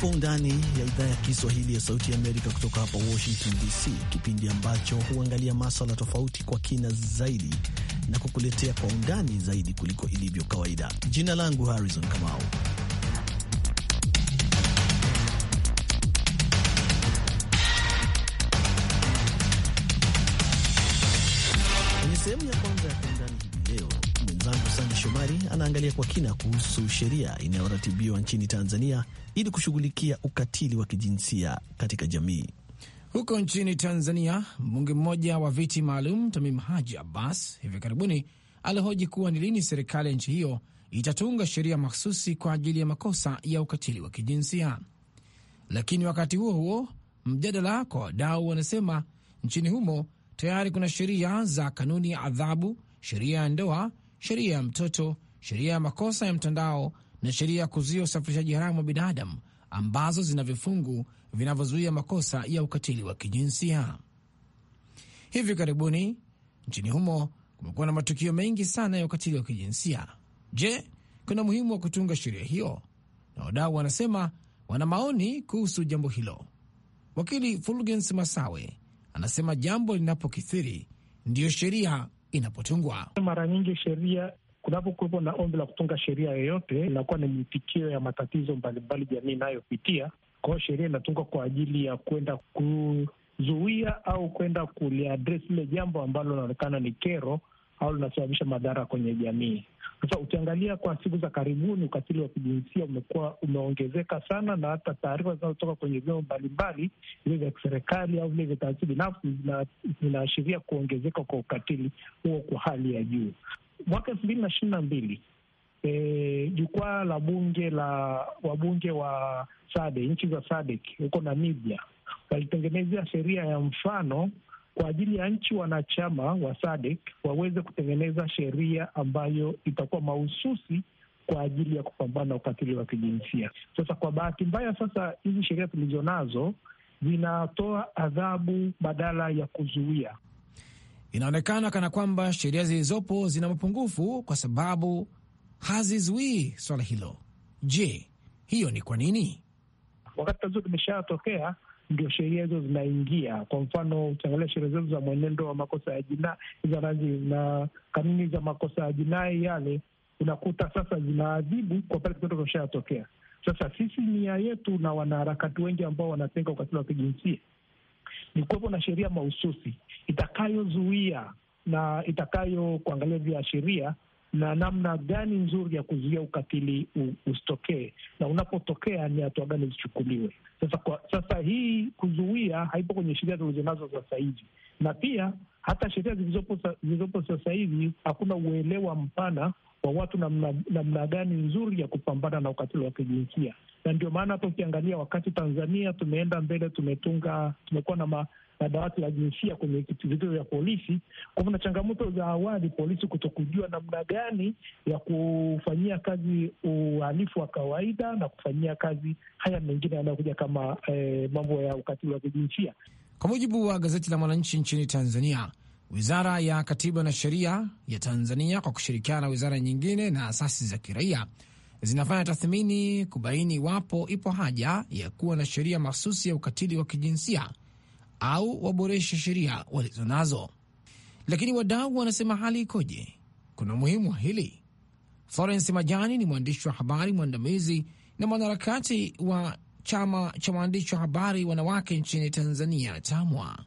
kwa undani ya idhaa ya Kiswahili ya Sauti ya Amerika kutoka hapa Washington DC, kipindi ambacho huangalia maswala tofauti kwa kina zaidi na kukuletea kwa undani zaidi kuliko ilivyo kawaida. Jina langu Harrison Kamau. tuongelee kwa kina kuhusu sheria inayoratibiwa nchini Tanzania ili kushughulikia ukatili wa kijinsia katika jamii. Huko nchini Tanzania, mbunge mmoja wa viti maalum Tamim Haji Abbas hivi karibuni alihoji kuwa ni lini serikali ya nchi hiyo itatunga sheria mahsusi kwa ajili ya makosa ya ukatili wa kijinsia. Lakini wakati huo huo, mjadala kwa wadau wanasema nchini humo tayari kuna sheria za kanuni ya adhabu, sheria ya ndoa, sheria ya mtoto sheria ya makosa ya mtandao na sheria ya kuzuia usafirishaji haramu wa binadamu ambazo zina vifungu vinavyozuia makosa ya ukatili wa kijinsia. Hivi karibuni nchini humo kumekuwa na matukio mengi sana ya ukatili wa kijinsia. Je, kuna umuhimu wa kutunga sheria hiyo? Na wadau wanasema wana maoni kuhusu jambo hilo. Wakili Fulgens Masawe anasema jambo linapokithiri ndiyo sheria inapotungwa. Mara nyingi sheria kunapokuwepo na ombi la kutunga sheria yoyote, inakuwa ni mitikio ya matatizo mbalimbali jamii inayopitia. Kwa hiyo sheria inatungwa kwa ajili ya kwenda kuzuia au kwenda kuliadres lile jambo ambalo linaonekana ni kero au linasababisha madhara kwenye jamii. Sasa ukiangalia kwa siku za karibuni, ukatili wa kijinsia umekuwa umeongezeka sana, na hata taarifa zinazotoka kwenye vyombo mbalimbali, vile vya kiserikali au vile vya taasisi binafsi, zinaashiria kuongezeka kwa ukatili huo kwa hali ya juu. Mwaka elfu mbili na ishirini na mbili eh, jukwaa e, la bunge la wabunge wa SADC nchi za SADC huko Namibia walitengenezea sheria ya mfano kwa ajili ya nchi wanachama wa SADC waweze kutengeneza sheria ambayo itakuwa mahususi kwa ajili ya kupambana na ukatili wa kijinsia. Sasa kwa bahati mbaya, sasa hizi sheria tulizo nazo zinatoa adhabu badala ya kuzuia. Inaonekana kana kwamba sheria zilizopo zina mapungufu kwa sababu hazizuii swala hilo. Je, hiyo ni kwa nini? Wakati tatizo limeshatokea, ndio sheria hizo zinaingia. Kwa mfano, ukiangalia sheria zetu za mwenendo wa makosa ya jinai na kanuni za makosa ya jinai yale, unakuta sasa zinaadhibu kwa pale kitendo kinashatokea. Sasa sisi nia yetu na wanaharakati wengi ambao wanapinga ukatili wa kijinsia ni kuwepo na sheria mahususi itakayozuia na itakayo kuangalia viashiria na namna gani nzuri ya kuzuia ukatili usitokee, na unapotokea ni hatua gani zichukuliwe. Sasa kwa, sasa hii kuzuia haipo kwenye sheria zilizonazo sasa hivi, na pia hata sheria zilizopo sasa hivi hakuna uelewa mpana wa watu namna, namna gani nzuri ya kupambana na ukatili wa kijinsia na ndio maana hata ukiangalia wakati Tanzania tumeenda mbele, tumetunga tumekuwa na ma, na dawati la jinsia kwenye vituo vya polisi. Kwa hivyo na changamoto za awali, polisi kutokujua namna gani ya kufanyia kazi uhalifu wa kawaida na kufanyia kazi haya mengine yanayokuja kama eh, mambo ya ukatili wa kijinsia. Kwa mujibu wa gazeti la Mwananchi nchini Tanzania, Wizara ya Katiba na Sheria ya Tanzania kwa kushirikiana na wizara nyingine na asasi za kiraia zinafanya tathmini kubaini iwapo ipo haja ya kuwa na sheria mahsusi ya ukatili wa kijinsia au waboreshe sheria walizonazo. Lakini wadau wanasema hali ikoje? Kuna umuhimu wa hili? Florence Majani ni mwandishi wa habari mwandamizi na mwanaharakati wa chama cha waandishi wa habari wanawake nchini Tanzania, TAMWA.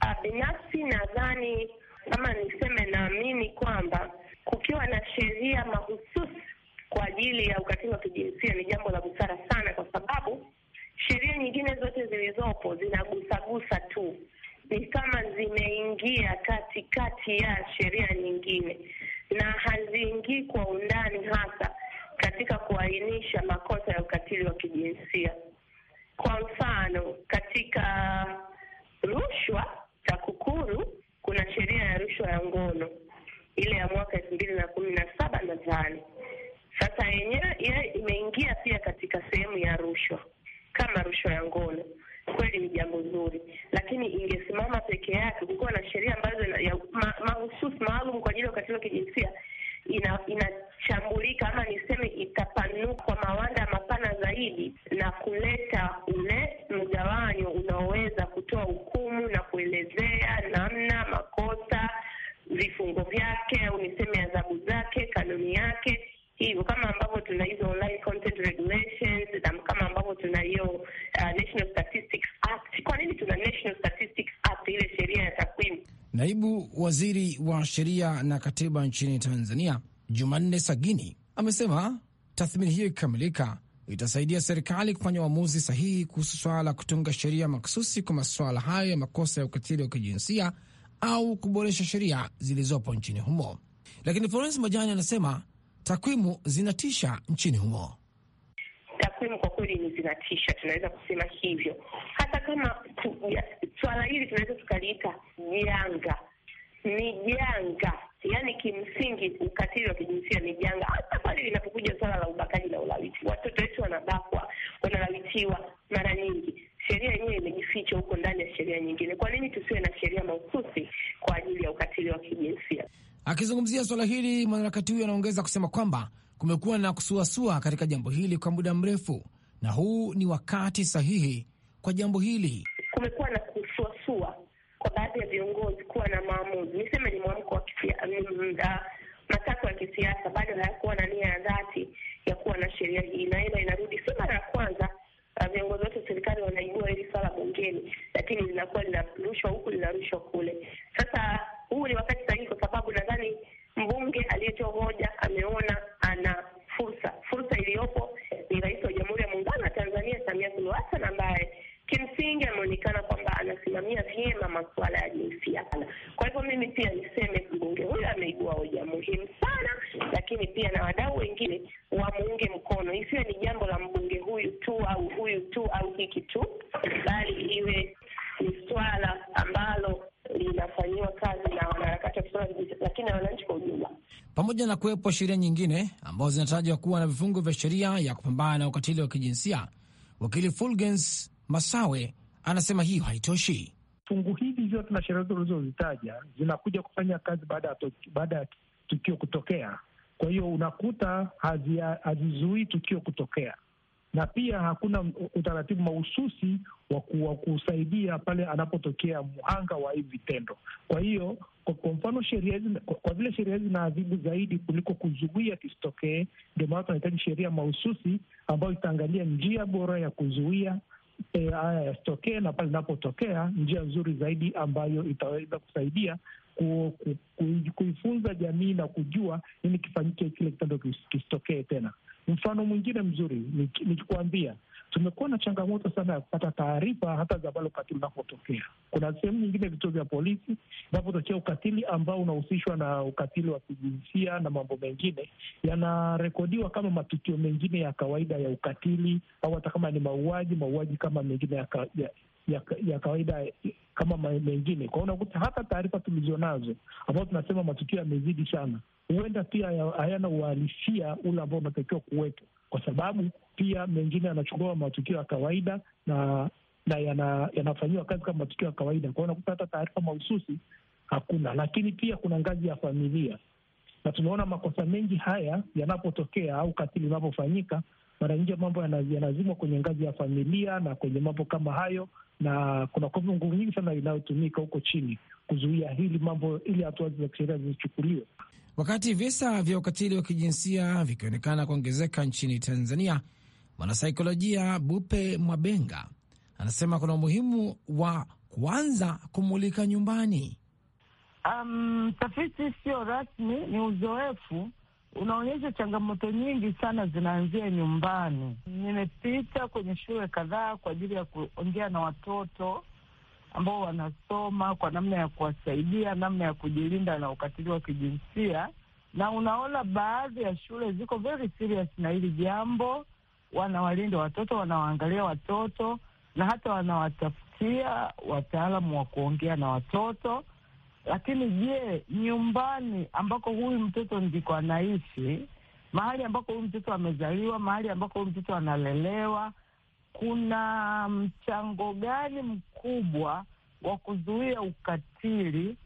Ah, binafsi nadhani kama niseme, naamini kwamba kukiwa na sheria mahususi kwa ajili ya ukatili wa kijinsia ni jambo la busara sana, kwa sababu sheria nyingine zote zilizopo zinagusagusa tu, ni kama zimeingia katikati ya sheria nyingine na haziingii kwa undani hasa katika kuainisha makosa ya ukatili wa kijinsia. Kwa mfano, katika sheria na katiba nchini Tanzania, Jumanne Sagini, amesema tathmini hiyo ikikamilika itasaidia serikali kufanya uamuzi sahihi kuhusu swala la kutunga sheria makhususi kwa masuala hayo ya makosa ya ukatili wa kijinsia au kuboresha sheria zilizopo nchini humo. Lakini Florence Majani anasema takwimu zinatisha nchini humo. Takwimu kwa kweli ni zinatisha, tunaweza kusema hivyo, hata kama swala hili tunaweza tukaliita janga ni janga, yani kimsingi ukatili wa kijinsia ni janga, hata pale linapokuja suala la ubakaji na ulawiti. Watoto wetu wanabakwa, wanalawitiwa mara nyingi sheria yenyewe imejificha huko ndani ya sheria nyingine. Kwa nini tusiwe na sheria mahususi kwa ajili ya ukatili wa kijinsia? Akizungumzia swala hili, mwanaharakati huyo anaongeza kusema kwamba kumekuwa na kusuasua katika jambo hili kwa muda mrefu, na huu ni wakati sahihi kwa jambo hili. Kumekuwa na kwa baadhi ya viongozi kuwa na maamuzi, niseme ni mwamko wa mm, ah, matakwa ya kisiasa, bado hayakuwa na nia na kuwepo sheria nyingine ambazo zinatajwa kuwa na vifungu vya sheria ya kupambana na ukatili wa kijinsia. Wakili Fulgens Masawe anasema hiyo haitoshi. Fungu hizi zote na sheria ulizozitaja zinakuja kufanya kazi baada ya tukio kutokea, kwa hiyo unakuta hazizuii tukio kutokea na pia hakuna utaratibu mahususi wa kusaidia pale anapotokea mhanga wa hivi vitendo. Kwa hiyo kwa mfano sheria hizi, kwa vile sheria hizi adhibu zaidi kuliko kuzuia kisitokee, ndio maana tunahitaji sheria mahususi ambayo itaangalia njia bora ya kuzuia eh, haya yasitokee, na pale inapotokea njia nzuri zaidi ambayo itaweza kusaidia ku, ku, ku, kuifunza jamii na kujua nini kifanyike kile kitendo kisitokee tena. Mfano mwingine mzuri nikikuambia, tumekuwa na changamoto sana ya kupata taarifa hata za pale ukatili unapotokea. Kuna sehemu nyingine vituo vya polisi inapotokea ukatili ambao unahusishwa na ukatili wa kijinsia na mambo mengine, yanarekodiwa kama matukio mengine ya kawaida ya ukatili, au hata kama ni mauaji, mauaji kama mengine ya, ka, ya ya, ya kawaida kama mengine. Kwa hiyo unakuta hata taarifa tulizonazo ambao ambazo tunasema matukio yamezidi sana, huenda pia hayana uhalisia ule ambao unatakiwa kuwepo, kwa sababu pia mengine yanachukua matukio ya kawaida na na yanafanyiwa yana kazi kama matukio ya kawaida. Kwa hiyo unakuta hata taarifa mahususi hakuna, lakini pia kuna ngazi ya familia, na tunaona makosa mengi haya yanapotokea au katili unapofanyika, mara nyingi mambo yanazimwa kwenye ngazi ya familia na kwenye mambo kama hayo, na kuna nguvu nyingi sana inayotumika huko chini kuzuia hili mambo, ili hatua za kisheria zichukuliwe. Wakati visa vya ukatili wa kijinsia vikionekana kuongezeka nchini Tanzania, mwanasaikolojia Bupe Mwabenga anasema kuna umuhimu wa kuanza kumulika nyumbani. Um, tafiti sio rasmi, ni uzoefu unaonyesha changamoto nyingi sana zinaanzia nyumbani. Nimepita kwenye shule kadhaa kwa ajili ya kuongea na watoto ambao wanasoma kwa namna ya kuwasaidia namna ya kujilinda na ukatili wa kijinsia, na unaona baadhi ya shule ziko very serious na hili jambo, wanawalinda watoto, wanawaangalia watoto na hata wanawatafutia wataalamu wa kuongea na watoto. Lakini je, nyumbani ambako huyu mtoto ndiko anaishi, mahali ambako huyu mtoto amezaliwa, mahali ambako huyu mtoto analelewa kuna mchango gani mkubwa wa kuzuia ukatili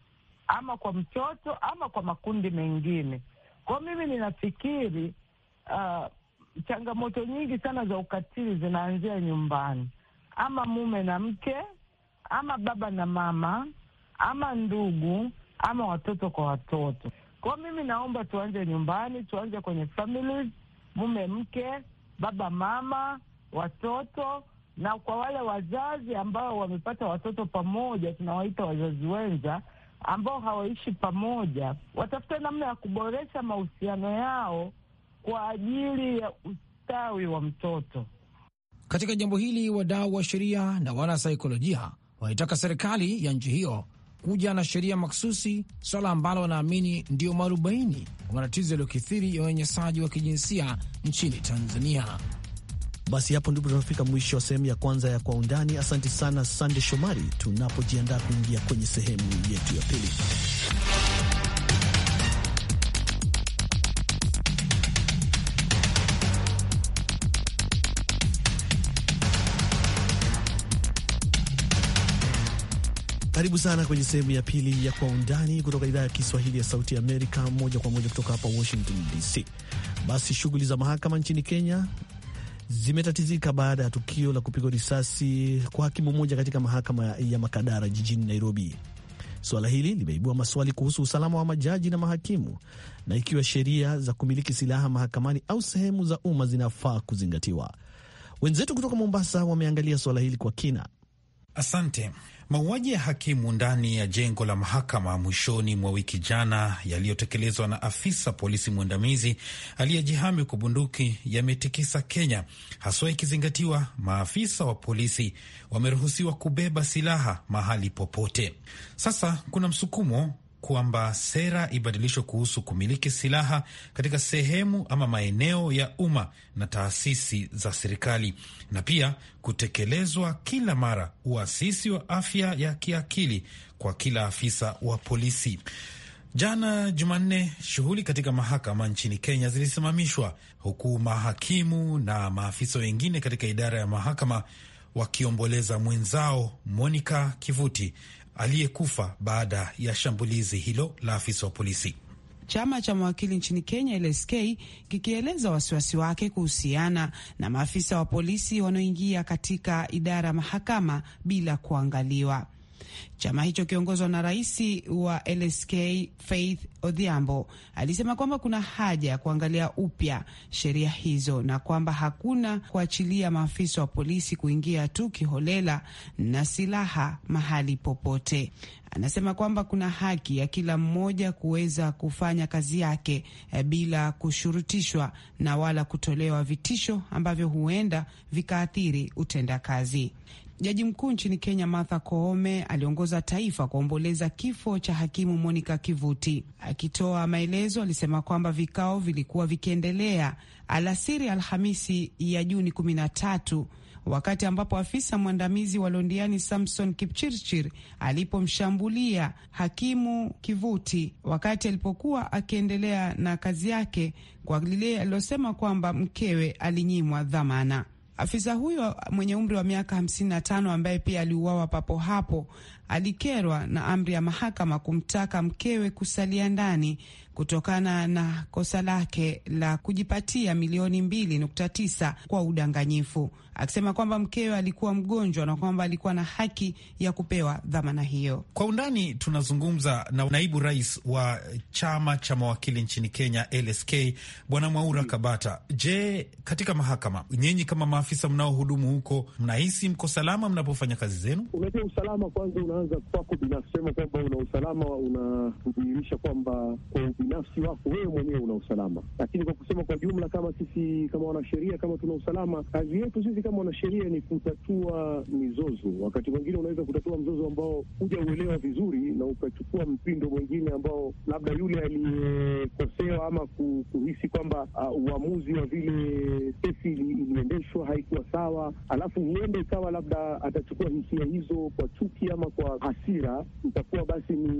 ama kwa mtoto ama kwa makundi mengine? Kwa mimi ninafikiri uh, changamoto nyingi sana za ukatili zinaanzia nyumbani, ama mume na mke, ama baba na mama, ama ndugu, ama watoto kwa watoto. Kwa mimi naomba tuanze nyumbani, tuanze kwenye families, mume mke, baba mama watoto na kwa wale wazazi ambao wamepata watoto pamoja, tunawaita wazazi wenza, ambao hawaishi pamoja, watafuta namna ya kuboresha mahusiano yao kwa ajili ya ustawi wa mtoto. Katika jambo hili, wadau wa sheria na wanasaikolojia wanaitaka serikali ya nchi hiyo kuja na sheria makhususi swala ambalo wanaamini ndio marubaini wa matatizo yaliyokithiri ya unyanyasaji wa kijinsia nchini Tanzania. Basi hapo ndipo tunafika mwisho wa sehemu ya kwanza ya Kwa Undani. Asante sana Sande Shomari, tunapojiandaa kuingia kwenye sehemu yetu ya pili. Karibu sana kwenye sehemu ya pili ya Kwa Undani kutoka idhaa ya Kiswahili ya Sauti Amerika, moja kwa moja kutoka hapa Washington DC. Basi shughuli za mahakama nchini Kenya zimetatizika baada ya tukio la kupigwa risasi kwa hakimu mmoja katika mahakama ya Makadara jijini Nairobi. Suala hili limeibua maswali kuhusu usalama wa majaji na mahakimu na ikiwa sheria za kumiliki silaha mahakamani au sehemu za umma zinafaa kuzingatiwa. Wenzetu kutoka Mombasa wameangalia suala hili kwa kina. Asante. Mauaji ya hakimu ndani ya jengo la mahakama mwishoni mwa wiki jana, yaliyotekelezwa na afisa polisi mwandamizi aliyejihami kwa bunduki yametikisa Kenya, haswa ikizingatiwa maafisa wa polisi wameruhusiwa kubeba silaha mahali popote. Sasa kuna msukumo kwamba sera ibadilishwe kuhusu kumiliki silaha katika sehemu ama maeneo ya umma na taasisi za serikali, na pia kutekelezwa kila mara uasisi wa afya ya kiakili kwa kila afisa wa polisi. Jana Jumanne, shughuli katika mahakama nchini Kenya zilisimamishwa huku mahakimu na maafisa wengine katika idara ya mahakama wakiomboleza mwenzao Monica Kivuti aliyekufa baada ya shambulizi hilo la afisa wa polisi. Chama cha mawakili nchini Kenya, LSK, kikieleza wasiwasi wake kuhusiana na maafisa wa polisi wanaoingia katika idara ya mahakama bila kuangaliwa. Chama hicho kiongozwa na rais wa LSK Faith Odhiambo alisema kwamba kuna haja ya kuangalia upya sheria hizo na kwamba hakuna kuachilia maafisa wa polisi kuingia tu kiholela na silaha mahali popote. Anasema kwamba kuna haki ya kila mmoja kuweza kufanya kazi yake eh, bila kushurutishwa na wala kutolewa vitisho ambavyo huenda vikaathiri utendakazi. Jaji mkuu nchini Kenya Martha Koome aliongoza taifa kuomboleza kifo cha hakimu Monica Kivuti. Akitoa maelezo, alisema kwamba vikao vilikuwa vikiendelea alasiri Alhamisi ya Juni kumi na tatu wakati ambapo afisa mwandamizi wa Londiani Samson Kipchirchir alipomshambulia hakimu Kivuti wakati alipokuwa akiendelea na kazi yake kwa lile alilosema kwamba mkewe alinyimwa dhamana. Afisa huyo mwenye umri wa miaka 55 ambaye pia aliuawa papo hapo alikerwa na amri ya mahakama kumtaka mkewe kusalia ndani kutokana na kosa lake la kujipatia milioni 2.9 kwa udanganyifu akisema kwamba mkewe alikuwa mgonjwa na kwamba alikuwa na haki ya kupewa dhamana hiyo. Kwa undani tunazungumza na naibu rais wa chama cha mawakili nchini Kenya LSK, Bwana Mwaura mm. Kabata. Je, katika mahakama nyinyi kama maafisa mnaohudumu huko mnahisi mko salama mnapofanya kazi zenu? Unajua, usalama kwanza unaanza kwako binafsi, sema kwamba una usalama unakudhihirisha kwamba kwa ubinafsi wako wewe mwenyewe una usalama, lakini kwa kusema kwa jumla, kama sisi kama wanasheria, kama tuna usalama, kazi yetu sisi kama mwanasheria ni kutatua mizozo. Wakati mwingine unaweza kutatua mzozo ambao hujauelewa vizuri na ukachukua mpindo mwingine ambao labda yule aliyekosewa ama kuhisi kwamba uh, uamuzi wa vile kesi iliendeshwa haikuwa sawa, alafu huende ikawa labda atachukua hisia hizo kwa chuki ama kwa hasira, itakuwa basi ni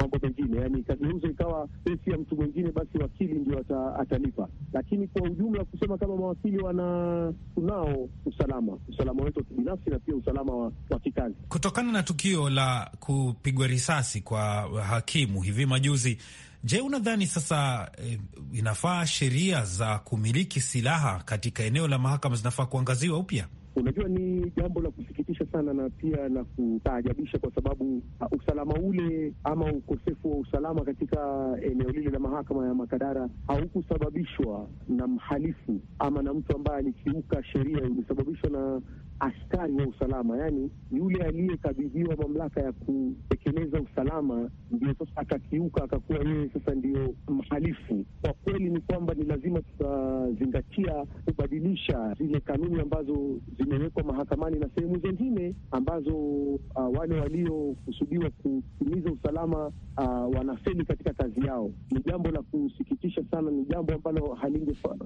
mambo mengine, yani kageuzo ikawa kesi ya mtu mwingine, basi wakili ndio atalipa. Lakini kwa ujumla kusema kama mawakili wana tunao usalama usalama wetu binafsi na pia usalama wa, wa kikazi. Kutokana na tukio la kupigwa risasi kwa hakimu hivi majuzi, je, unadhani sasa eh, inafaa sheria za kumiliki silaha katika eneo la mahakama zinafaa kuangaziwa upya? Unajua, ni jambo la kusikitisha sana na pia la kutaajabisha, kwa sababu uh, usalama ule ama ukosefu wa usalama katika eneo lile la mahakama ya Makadara haukusababishwa na mhalifu ama na mtu ambaye alikiuka sheria, ulisababishwa na askari wa usalama, yaani yule aliyekabidhiwa mamlaka ya kutekeleza usalama ndio sasa akakiuka, akakuwa yeye sasa ndio mhalifu. Kwa kweli ni kwamba ni lazima tutazingatia kubadilisha zile kanuni ambazo zimewekwa mahakamani na sehemu zingine ambazo uh, wale waliokusudiwa kutimiza usalama uh, wanafeli katika kazi yao. Ni jambo la kusikitisha sana, ni jambo ambalo halingepaswa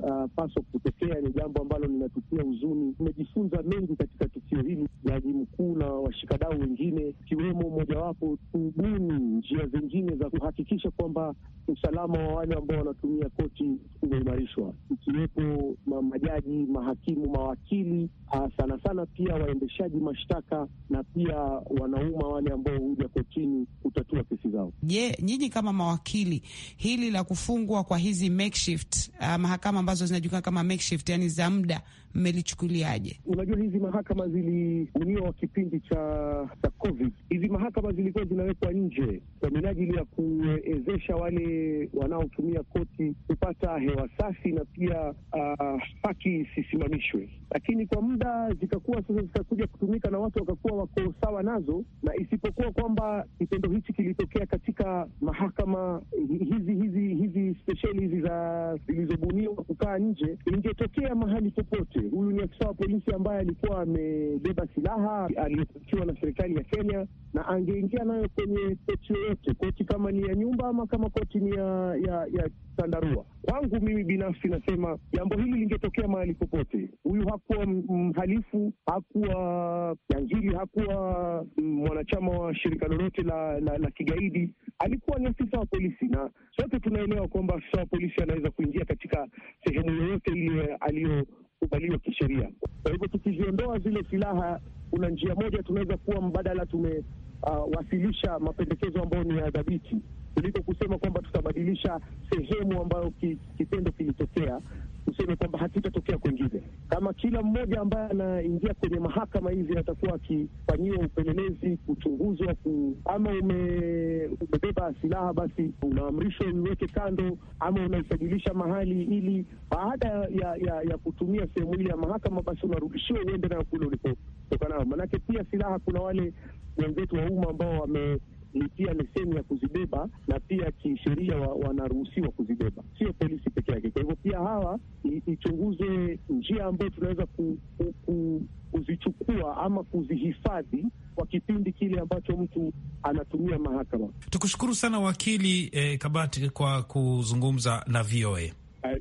uh, kutokea, ni jambo ambalo linatukia huzuni. Tumejifunza mengi katika tukio hili, jaji mkuu na washikadau wengine, ikiwemo mojawapo, tubuni njia zingine za kuhakikisha kwamba usalama wa wale ambao wanatumia koti umeimarishwa, ikiwepo majaji, mahakimu, mawakili, ah, sana sana pia waendeshaji mashtaka na pia wanauma wale ambao huja kotini kutatua kesi zao. Je, yeah, nyinyi kama mawakili, hili la kufungwa kwa hizi makeshift, uh, mahakama ambazo zinajulikana kama makeshift, yani za muda mmelichukuliaje? Unajua, hizi mahakama zilibuniwa kipindi cha, cha COVID. Hizi mahakama zilikuwa zinawekwa nje kwa minajili ya kuwezesha wale wanaotumia koti kupata hewa safi na pia uh, haki isisimamishwe, lakini kwa muda zikakuwa sasa, zikakuja kutumika na watu wakakuwa wako sawa nazo, na isipokuwa kwamba kitendo hichi kilitokea katika mahakama hizi hizi hizi spesheli hizi za zilizobuniwa kukaa nje, ingetokea mahali popote Huyu ni afisa wa polisi ambaye alikuwa amebeba silaha aliyofikiwa na serikali ya Kenya, na angeingia nayo kwenye koti yoyote, koti kama ni ya nyumba ama kama koti ni ya, ya, ya tandarua. Kwangu mimi binafsi nasema jambo hili lingetokea mahali popote. Huyu hakuwa mhalifu, hakuwa jangili, hakuwa mwanachama wa shirika lolote la, la, la kigaidi. Alikuwa ni afisa wa polisi, na sote tunaelewa kwamba afisa wa polisi anaweza kuingia katika sehemu yoyote ile aliyo kukubaliwa kisheria. Kwa hivyo tukiziondoa zile silaha, kuna njia moja tunaweza kuwa mbadala, tumewasilisha ah, uh, mapendekezo ambayo ni ya dhabiti kuliko kusema kwamba tutabadilisha sehemu ambayo kitendo kilitokea tuseme kwamba hakitatokea kwengine Kama kila mmoja ambaye anaingia kwenye mahakama hizi atakuwa akifanyiwa upelelezi, kuchunguzwa ku, ama ume, umebeba silaha, basi unaamrishwa uiweke kando ama unaisajilisha mahali, ili baada ya, ya, ya kutumia sehemu ile ya mahakama, basi unarudishiwa uende nayo kule ulipotokana Manake pia silaha, kuna wale wenzetu wa umma ambao wame ni pia leseni ya kuzibeba na pia kisheria wanaruhusiwa kuzibeba, sio polisi peke yake. Kwa hivyo pia hawa ichunguze njia ambayo tunaweza ku, ku, ku, kuzichukua ama kuzihifadhi kwa kipindi kile ambacho mtu anatumia mahakama. Tukushukuru sana wakili eh, Kabati kwa kuzungumza na VOA.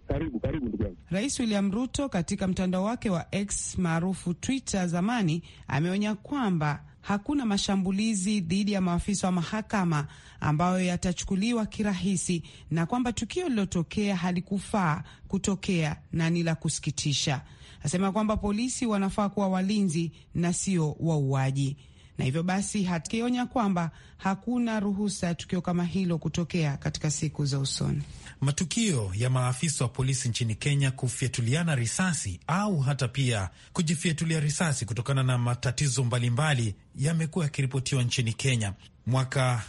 Karibu, karibu ndugu yangu. Rais William Ruto katika mtandao wake wa X maarufu Twitter zamani ameonya kwamba hakuna mashambulizi dhidi ya maafisa wa mahakama ambayo yatachukuliwa kirahisi na kwamba tukio lilotokea halikufaa kutokea na ni la kusikitisha. Asema kwamba polisi wanafaa kuwa walinzi na sio wauaji na hivyo basi hakionya kwamba hakuna ruhusa ya tukio kama hilo kutokea katika siku za usoni. Matukio ya maafisa wa polisi nchini Kenya kufyatuliana risasi au hata pia kujifyatulia risasi kutokana na matatizo mbalimbali yamekuwa yakiripotiwa nchini Kenya. Mwaka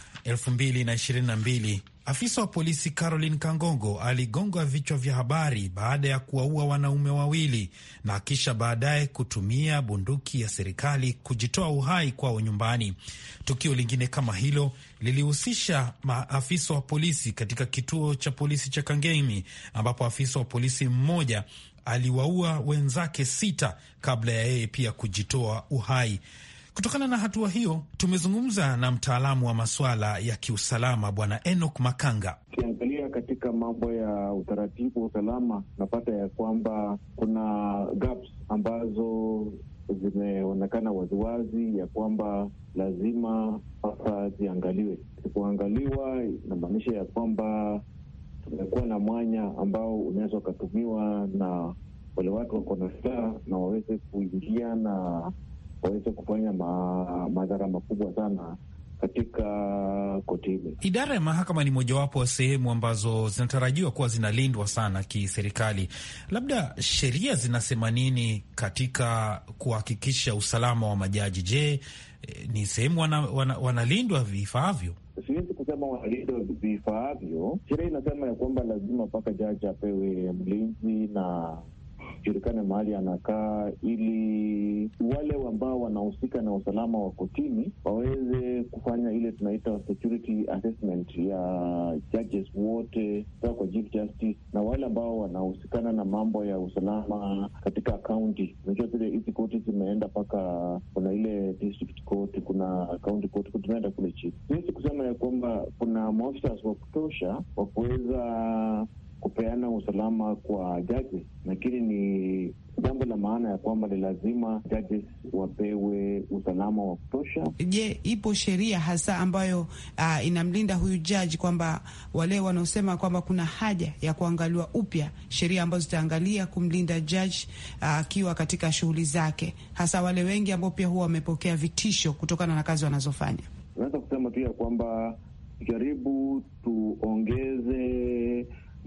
Afisa wa polisi Caroline Kangogo aligonga vichwa vya habari baada ya kuwaua wanaume wawili na kisha baadaye kutumia bunduki ya serikali kujitoa uhai kwao nyumbani. Tukio lingine kama hilo lilihusisha maafisa wa polisi katika kituo cha polisi cha Kangemi ambapo afisa wa polisi mmoja aliwaua wenzake sita kabla ya yeye pia kujitoa uhai. Kutokana na hatua hiyo, tumezungumza na mtaalamu wa masuala ya kiusalama Bwana enok Makanga. Ukiangalia katika mambo ya utaratibu wa usalama, unapata ya kwamba kuna gaps ambazo zimeonekana waziwazi ya kwamba lazima hapa ziangaliwe. Kuangaliwa inamaanisha ya kwamba tumekuwa na mwanya ambao unaweza ukatumiwa na wale watu wako na silaha na waweze kuingia na waweze kufanya ma, madhara makubwa sana katika koti hili. Idara ya mahakama ni mojawapo wa sehemu ambazo zinatarajiwa kuwa zinalindwa sana kiserikali. Labda sheria zinasema nini katika kuhakikisha usalama wa majaji? Je, eh, ni sehemu wanalindwa wana, wana vifaavyo? Siwezi kusema wanalindwa vifaavyo. Sheria inasema ya kwamba lazima mpaka jaji apewe mlinzi na julikane mahali anakaa, ili wale ambao wanahusika na usalama wa kotini waweze kufanya ile tunaita security assessment ya judges wote kwa chief justice na wale ambao wanahusikana na mambo ya usalama katika kaunti. Unajua vile hizi koti zimeenda mpaka kuna ile district court, kuna county court, tumeenda kule chini. Siwezi kusema ya kwamba kuna maofisa wa kutosha wa kuweza kupeana usalama kwa judges, lakini ni jambo la maana ya kwamba ni lazima judges wapewe usalama wa kutosha. Je, ipo sheria hasa ambayo uh, inamlinda huyu jaji kwamba wale wanaosema kwamba kuna haja ya kuangaliwa upya sheria ambazo zitaangalia kumlinda jaji ah, akiwa uh, katika shughuli zake, hasa wale wengi ambao pia huwa wamepokea vitisho kutokana na kazi wanazofanya? Unaweza kusema tu ya kwamba jaribu tuongeze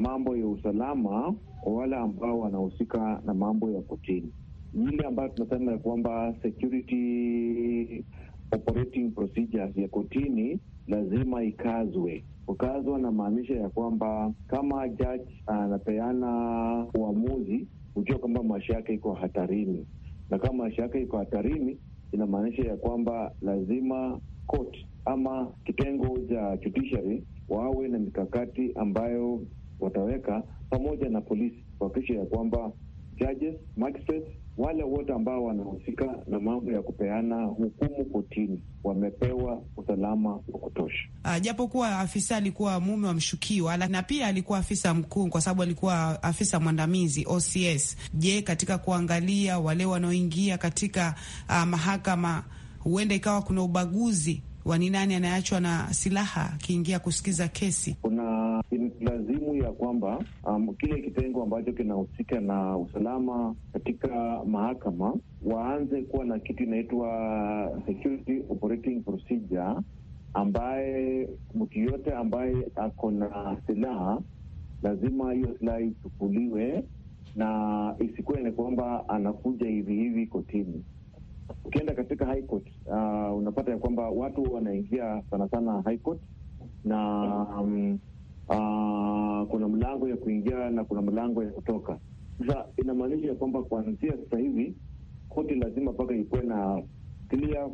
mambo ya usalama kwa wale ambao wanahusika na mambo ya kotini, ile ambayo tunasema ya kwamba security operating procedures ya kotini lazima ikazwe. Kukazwa na maanisha ya kwamba kama jaji anapeana uamuzi, hujua kwamba maisha yake iko hatarini, na kama maisha yake iko hatarini, inamaanisha ya kwamba lazima court ama kitengo cha judiciary wawe na mikakati ambayo wataweka pamoja na polisi kuhakikisha ya kwamba judges, magistrates, wale wote ambao wanahusika na mambo ya kupeana hukumu kotini wamepewa usalama wa kutosha. Ah, japokuwa afisa alikuwa mume wa mshukiwa na pia alikuwa afisa mkuu, kwa sababu alikuwa afisa mwandamizi OCS. Je, katika kuangalia wale wanaoingia katika uh, mahakama huenda ikawa kuna ubaguzi waninani nani anayeachwa na silaha akiingia kusikiza kesi. Kuna lazimu ya kwamba um, kile kitengo ambacho kinahusika na usalama katika mahakama waanze kuwa na kitu inaitwa security operating procedure, ambaye mtu yote ambaye ako na silaha lazima hiyo silaha ichukuliwe na isikuwe ni kwamba anakuja hivi hivi kotini. Ukienda katika high court uh, unapata ya kwamba watu wanaingia sana sana high court na um, uh, kuna mlango ya kuingia na kuna mlango ya kutoka. Sasa inamaanisha ya kwamba kuanzia sasa hivi koti lazima mpaka ikuwe na clear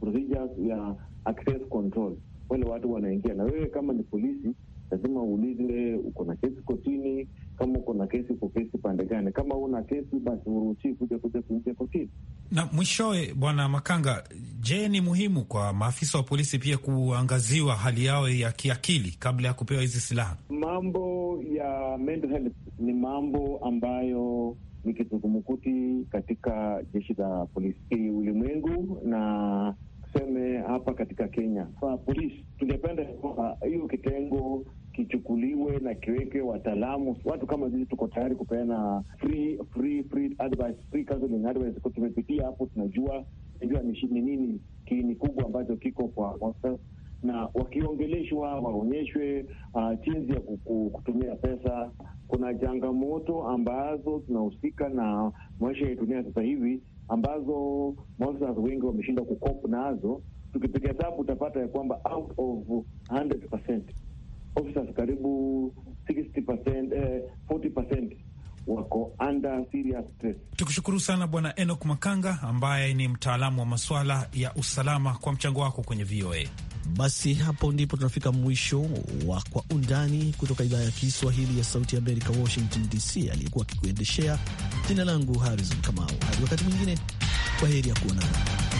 procedures ya access control, wale watu wanaingia, na wewe kama ni polisi lazima uulize uko na kesi kotini. Kama uko na kesi, uko kesi pande gani? Kama una kesi, basi uruhusii kuja kuja kuingia kotini. Na mwishowe, Bwana Makanga, je, ni muhimu kwa maafisa wa polisi pia kuangaziwa hali yao ya kiakili kabla ya kupewa hizi silaha? Mambo ya mental health ni mambo ambayo ni kizungumkuti katika jeshi la polisi ulimwengu na tuseme hapa katika Kenya polisi, tungependa kwamba hiyo kitengo kichukuliwe na kiwekwe wataalamu, watu kama sisi tuko tayari kupeana free free free advice, free counseling advice. Tumepitia hapo, tunajua najua ni nini kiini kubwa ambacho kiko kwa wasa, na wakiongeleshwa waonyeshwe ah, jinsi uh, ya kutumia pesa. Kuna changamoto ambazo tunahusika na maisha ya dunia sasa hivi ambazo maafisa wengi wameshindwa kukop nazo. Tukipiga hesabu utapata ya kwamba out of 100% officers karibu 60%, eh, 40% wako under serious stress. Tukushukuru sana Bwana enok Makanga ambaye ni mtaalamu wa maswala ya usalama kwa mchango wako kwenye VOA. Basi hapo ndipo tunafika mwisho wa Kwa Undani kutoka idhaa ya Kiswahili ya Sauti Amerika, Washington DC. Aliyekuwa akikuendeshea, jina langu Harrison Kamau. Hadi wakati mwingine, kwa heri ya kuonana.